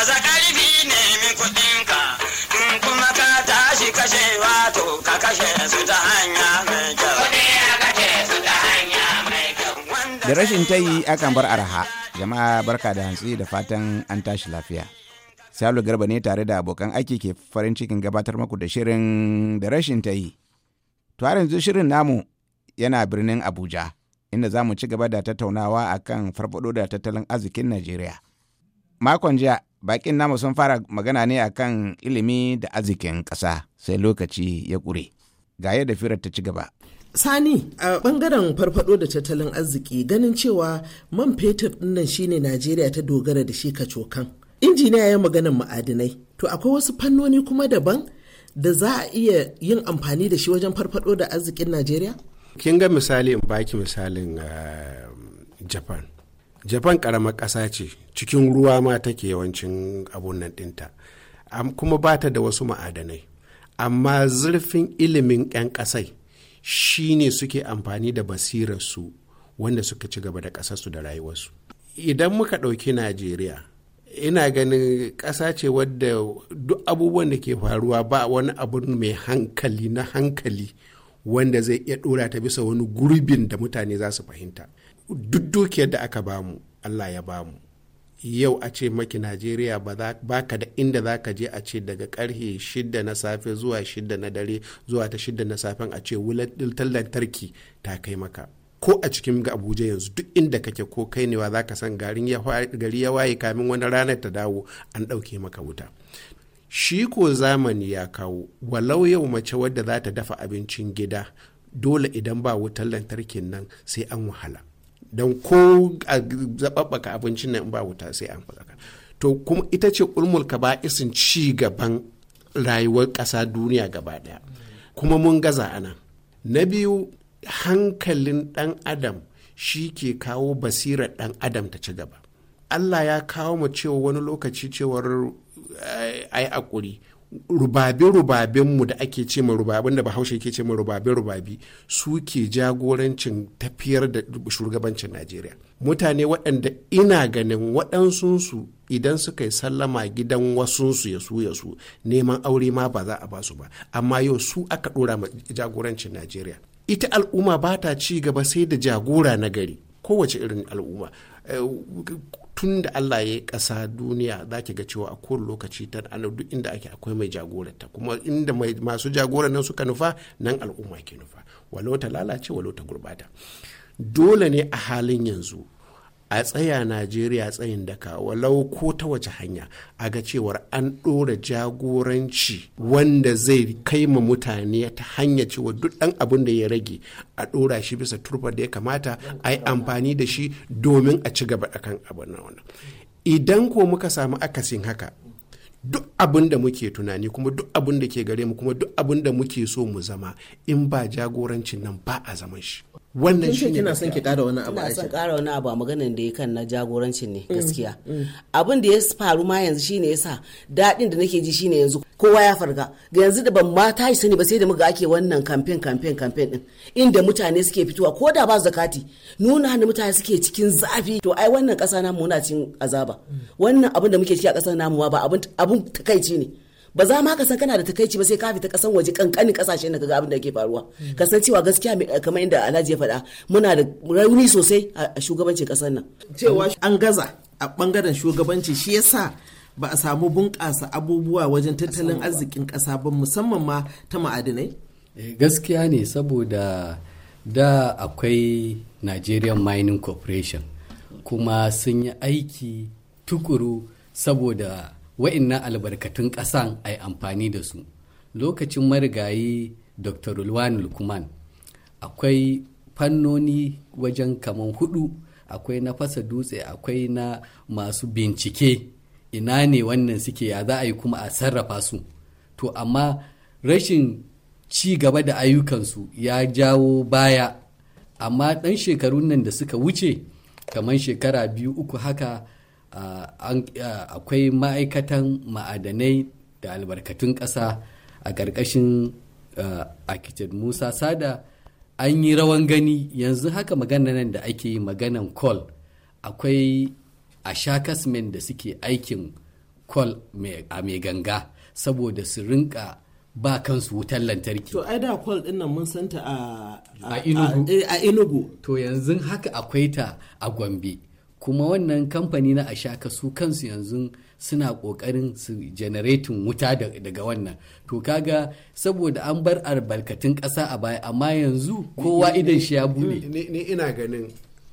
baza ƙarfi nemi kuɗinka in kuma ka tashi kashe wato ka kashe su ta hanya mai kyau. Da rashin ta yi akan bar araha, jama'a barka da hantsi da fatan an tashi lafiya. Salu Garba ne tare da abokan aiki ke farin cikin gabatar maku da shirin da rashin ta yi. Tuwarin yanzu shirin namu yana birnin Abuja, inda za mu ci gaba da tattaunawa akan farfado da tattalin arzikin Najeriya. Makon jiya bakin namu sun fara magana ne akan ilimi da arzikin ƙasa sai lokaci ya ƙure ga yadda firar ta ci gaba sani a uh, bangaren farfado da tattalin arziki ganin cewa man fetur dinnan shine najeriya ta dogara da shi kacokan injiniya ya maganan ma'adinai to akwai wasu fannoni kuma daban da za a iya yin amfani da shi wajen farfado da arzikin najeriya kin ga misali in baki misalin uh, japan japan karamar ƙasa ce cikin ruwa ma take yawancin abun nan ɗinta kuma ba ta da wasu ma'adanai amma zurfin ilimin 'yan ƙasai shine suke amfani da basirarsu wanda suka ci gaba da ƙasarsu da rayuwarsu idan muka ɗauki najeriya ina ganin ƙasa ce wadda duk abubuwan da ke faruwa ba wani abu mai hankali na hankali wanda zai iya ɗora ta bisa wani gurbin da mutane za su fahimta duk dukiyar da aka bamu allah ya bamu yau a ce maki najeriya ba ka da inda za ka je a ce daga karhe shida na safe zuwa shida na dare zuwa ta shida na safen a ce wulatar lantarki ta kai maka ko a cikin abuja yanzu duk inda kake ko kai newa za ka san gari ya waye kamin wani ranar ta dawo an ɗauke maka wuta shi ko zamani ya kawo walau yau mace wadda za ta dafa abincin gida dole idan ba wutar lantarkin nan sai an wahala don ko a zaɓaɓɓaka abincin nan ba wuta sai an faɗaka to kuma ita ce ulmul ka isin ci gaban rayuwar ƙasa duniya gaba ɗaya kuma mun gaza anan na biyu hankalin ɗan adam shi ke kawo basirar ɗan adam ta ci gaba allah ya kawo mu cewa wani lokaci cewar ai akuri rubabe-rubabenmu da ake ce ma rubabin da bahaushe ke ce ma rubabe-rubabi su ke jagorancin tafiyar da shugabancin najeriya mutane waɗanda ina ganin waɗansunsu idan suka yi sallama gidan wasunsu ya su ya su neman aure ma ba za a ba su ba amma yau su aka ɗora ma jagorancin najeriya ita al'umma ba ta ci gaba sai da jagora na gari kowace irin al'umma eh, tun da Allah ya ƙasa duniya za ki ga cewa a kowane lokaci ta duk inda ake akwai mai jagoranta kuma inda masu jagoran nan suka nufa nan al'umma ke nufa walau ta lalace walau ta gurbata dole ne a halin yanzu a tsaya najeriya tsayin daka walau ko ta wace hanya a ga cewar an ɗora jagoranci wanda zai kai ma mutane ta hanya cewa duk ɗan abin da ya rage a ɗora shi bisa turbar da ya kamata a yi amfani da shi domin a ci gaba akan abin nan idan ko muka samu akasin haka duk abin da muke tunani kuma duk abin da ke gare mu kuma duk abin da muke so mu zama in ba jagorancin nan ba a zaman shi wannan shi ne son ki kara wani abu a son kara wani abu a maganin da ya kan na jagorancin ne mm, gaskiya mm. abin da ya faru ma yanzu shine yasa daɗin da nake ji shine yanzu kowa ya farga ga yanzu da ban ma tashi sani ba sai da muga ake wannan kamfen kamfen kamfen din inda mutane suke fitowa ko da ba zakati nuna hannu mutane suke cikin zafi to ai wannan ƙasa namu muna cikin azaba mm. wannan abin da muke ciki a ƙasar namu ba abin takaici ne ba za ma ka san kana da takaici ba sai ka fita kasan waje kankanin kasashe da kaga abin da yake faruwa ka san cewa gaskiya kamar inda Alhaji ya faɗa muna da rauni sosai a shugabancin kasar nan cewa an gaza a bangaren shugabanci shi yasa ba a samu bunƙasa abubuwa wajen tattalin arzikin ƙasa ba musamman ma ta ma'adinai eh, gaskiya ne saboda da akwai Nigerian Mining Corporation kuma sun yi aiki tukuru saboda wa'innan albarkatun ƙasan a yi amfani da su lokacin marigayi dr ulwan lukman akwai fannoni wajen kaman hudu akwai na fasa dutse akwai na masu bincike ina ne wannan suke ya za a yi kuma a sarrafa su to amma rashin ci gaba da ayyukansu ya jawo baya amma ɗan shekarun nan da suka wuce kamar shekara biyu uku haka Uh, uh, akwai ma'aikatan ma'adanai da albarkatun ƙasa a ƙarƙashin uh, architect musa sada an yi rawan gani yanzu haka magana nan da ake yi maganan call akwai a da suke aikin call a mai ganga saboda su rinka ba kansu wutar lantarki. To ai da din nan mun santa a a inugu To yanzu haka akwai ta a Gombe. kuma wannan kamfani na ashaka su kansu yanzu suna kokarin su generatin wuta daga wannan to kaga saboda an bar albarkatun ƙasa a baya amma yanzu kowa idan shi ya bude ni ina ganin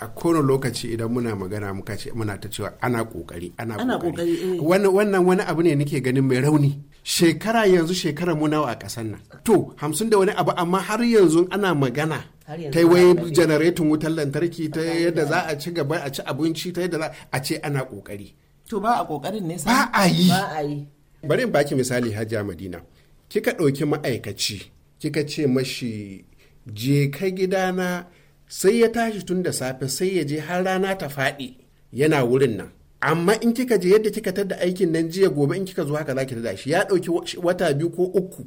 a kowane lokaci idan muna magana muka ce muna ta cewa ana kokari ana kokari eh. wannan wani abu ne nake ganin mai rauni shekara yanzu shekara mu nawa a ƙasar nan to hamsin da wani abu amma har yanzu ana magana ta wai janaretin wutar lantarki ta yadda za a ci gaba a ci abinci ta yadda za a ce ana kokari to ba a kokarin ne ba a yi bari in baki misali hajja madina kika ɗauki ma'aikaci kika ce mashi je ka gidana sai ya tashi tun da safe sai ya je har rana ta faɗi yana wurin nan amma in kika je yadda kika tadda aikin nan jiya gobe in kika zo haka za ki tada shi ya ɗauki wata biyu ko uku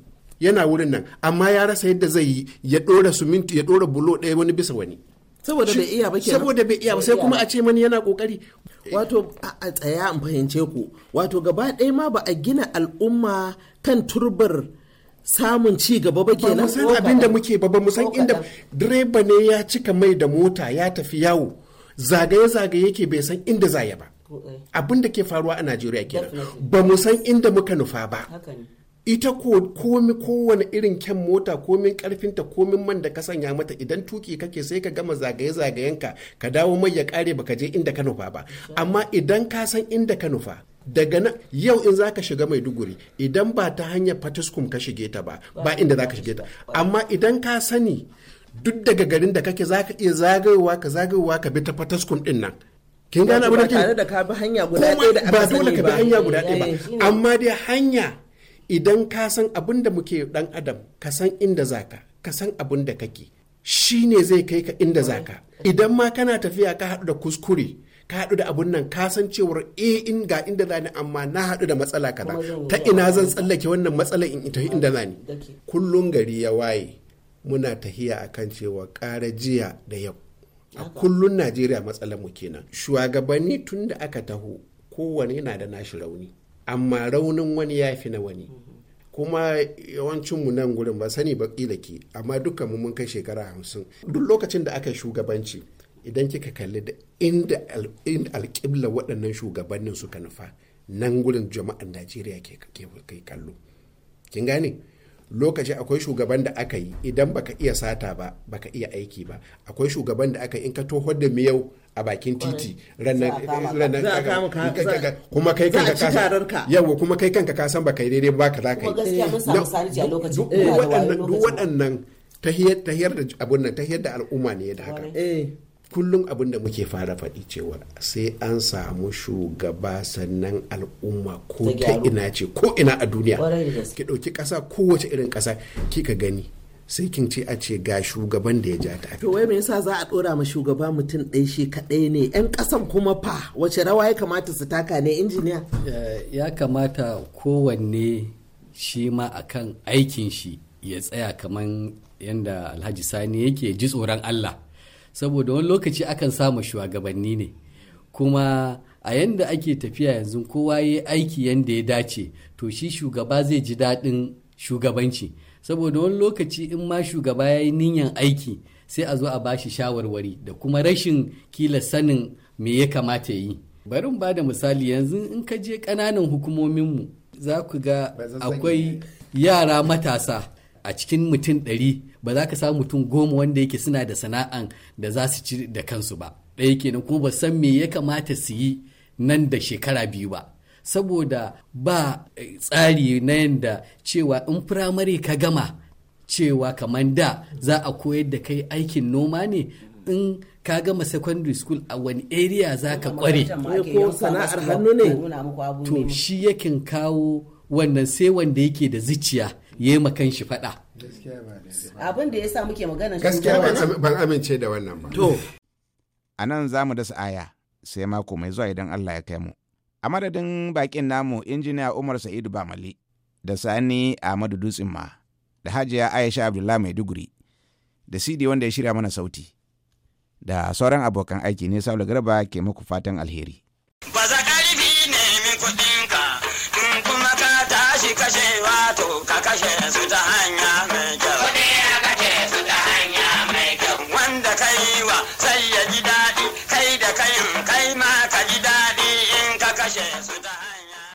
yana wurin nan amma ya rasa yadda zai yi ya ɗora suminti ya ɗora bulo ɗaya wani bisa wani saboda bai iya ba kenan saboda bai iya ba sai kuma a ce mani yana kokari wato a tsaya in fahimce ku wato gaba ɗaya ma ba a gina al'umma kan turbar samun ci gaba ba kenan ba san abin da muke ba mu san inda direba ne ya cika mai da mota ya tafi yawo zagaye zagaye yake bai san inda zai ba eh. abin da ke faruwa a Najeriya kenan ba mu san inda muka nufa ba ita komi kowane irin kyan mota komin ta komin man da ka sanya mata idan tuki kake sai ka gama zagaye-zagayenka ka dawo mai ya kare baka je inda ka nufa ba amma idan ka san inda ka nufa daga na yau in zaka shiga maiduguri idan ba ta hanyar fatiskum ka shige ta ba ba inda zaka shige ta amma idan ka sani duk daga garin da kake zaka iya zagayowa ka zagayowa ka bi ta fatiskum din nan kin gane abin da da ba dole ka bi hanya guda ɗaya ba eh, amma dai hanya idan ka san abin da muke dan adam ka san inda zaka ka san abin da kake shi ne zai kai ka inda zaka idan ma kana tafiya ka haɗu da kuskure ka haɗu da abun nan ka san cewar e in ga inda zani amma na haɗu da matsala kaza ta ina zan tsallake wannan matsala in ita inda zani kullum gari ya waye muna tahiya akan cewa ƙara jiya da yau a kullun najeriya matsalar mu kenan shugabanni tun da aka taho kowane yana da nashi rauni amma raunin wani ya fi na wani kuma yawancinmu nan gurin ba sani ba kila ke amma dukkan mu mun kai shekara hamsin duk lokacin da aka shugabanci idan kika kalli da inda alƙibla waɗannan shugabannin suka nufa nan gurin jama'an najeriya ke kallo kin gane lokaci akwai shugaban da aka yi idan baka iya sata ba baka iya aiki ba akwai shugaban da aka yi in ka toho da miyau a bakin titi kuma kai kanka ka san yawa kuma kai kanka ka san baka yi daidai ba ka za ka yi duk waɗannan tahiyar da abun nan tahiyar da al'umma ne da haka kullum abin da muke fara faɗi cewa sai an samu shugaba sannan al'umma ko ta ina ce ko ina a duniya ki ɗauki ƙasa kowace irin ƙasa kika gani sai kin ce a ce ga shugaban da ya ja ta to wai me yasa za a dora ma shugaba mutum ɗaya shi kaɗai ne yan ƙasan kuma fa wace rawa ya kamata su taka ne injiniya eh, ya kamata kowanne shi ma akan aikin shi ya tsaya kamar yadda alhaji sani yake ji tsoron allah saboda wani lokaci akan samu shugabanni ne kuma a yanda ake tafiya yanzu kowa ya aiki yanda ya dace to shi shugaba zai ji daɗin shugabanci saboda wani lokaci in ma shugaba ya yi niyan aiki sai a zo a bashi shawarwari da kuma rashin kila sanin me ya kamata ya yi bari ba da misali yanzu in ka je ƙananan hukumominmu za ku ga akwai yara matasa a cikin mutum ɗari ba za ka samu mutum goma wanda yake suna da sana'an da za su ci da kansu ba ɗaya kenan kuma ba san me ya kamata su yi nan da shekara biyu ba saboda ba eh, tsari na yadda cewa in firamare ka gama cewa kamar da za a koyar da kai aikin noma ne in ka gama secondary school a wani area za ka kware ko sana'ar hannu ne to shi yakin kawo wannan sai wanda yake da zuciya ya ma kan shi faɗa abin da ya sa muke magana shi gaskiya ban amince da wannan ba to a nan za mu dasa aya sai mako mai zuwa idan Allah ya kai mu a madadin bakin namu injiniya Umar Sa'idu Bamali da Sani Ahmadu Dutsin ma da Hajiya Aisha Abdullahi Maiduguri da CD wanda ya shirya mana sauti da sauran abokan aiki ne Saulu Garba ke muku fatan alheri kashewa to ka kashe su ta hanya mai kyau.